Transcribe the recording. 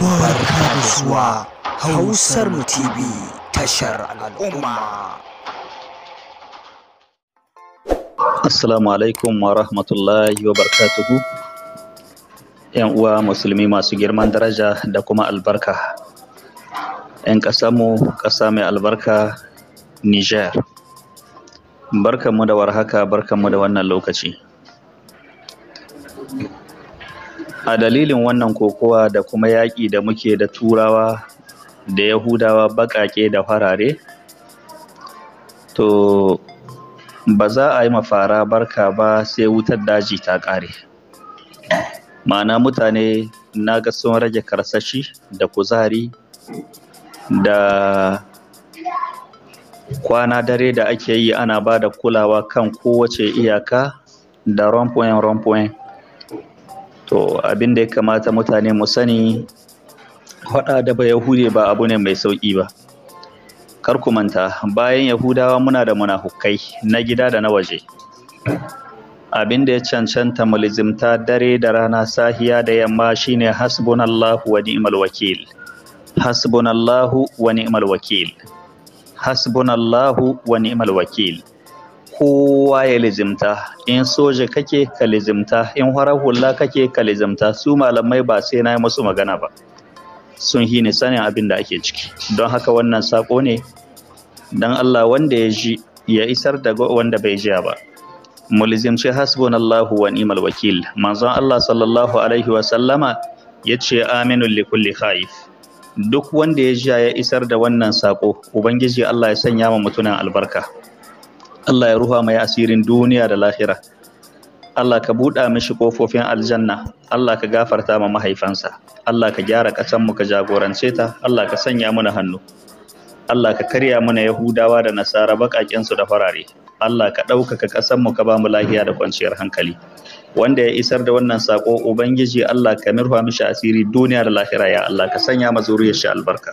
barka da zuwa hausar mu tv tashar al'umma assalamu alaikum wa rahmatullahi wa barakatuhu yan uwa musulmi masu girman daraja da kuma albarka yan mu ƙasa mai albarka niger barkanmu da warhaka barkanmu da wannan lokaci a dalilin wannan kokowa da kuma yaƙi da muke da turawa da yahudawa baƙaƙe da farare to ba za a yi mafara barka ba sai wutar daji ta ƙare ma'ana mutane na ga sun rage karsashi da kuzari da kwana dare da ake yi ana ba da kulawa kan kowace iyaka da rompoyen rompoyen to abin da ya kamata mutane mu sani hada da ba yahude ba abu ne mai sauki ba kar ku manta bayan yahudawa muna da munafukai na gida da na waje abin da ya cancanta mulzimta dare da rana sahiya da yamma shine hasbunallahu wa ni'mal wakil hasbunallahu wa ni'mal wakil hasbunallahu wa ni'mal wakil kowa ya lizimta in soja kake ka lizimta in horar hula kake ka lizimta su malamai ba sai na yi musu magana ba sun hini sanin abin da ake ciki don haka wannan sako ne don Allah wanda ya ji ya isar da wanda bai jiya ba mu lizimci hasbunallahu wa ni'mal wakil manzon Allah sallallahu alaihi wa sallama ya ce aminu li kulli khaif duk wanda ya jiya ya isar da wannan sako ubangiji Allah ya sanya mu mutunan albarka Allah ya ruha mai asirin duniya da lahira Allah ka buɗa mishi ƙofofin aljanna Allah ka gafarta ma mahaifansa Allah ka gyara ƙasanmu ka jagorance ta Allah ka sanya mana hannu Allah ka karya mana Yahudawa da Nasara baƙaƙensu da farare Allah ka ɗaukaka ƙasanmu ka ba mu lahiya da kwanciyar hankali wanda ya isar da wannan sako ubangiji Allah ka mirfa mishi asiri duniya da lahira ya Allah ka sanya ma zuriyar shi albarka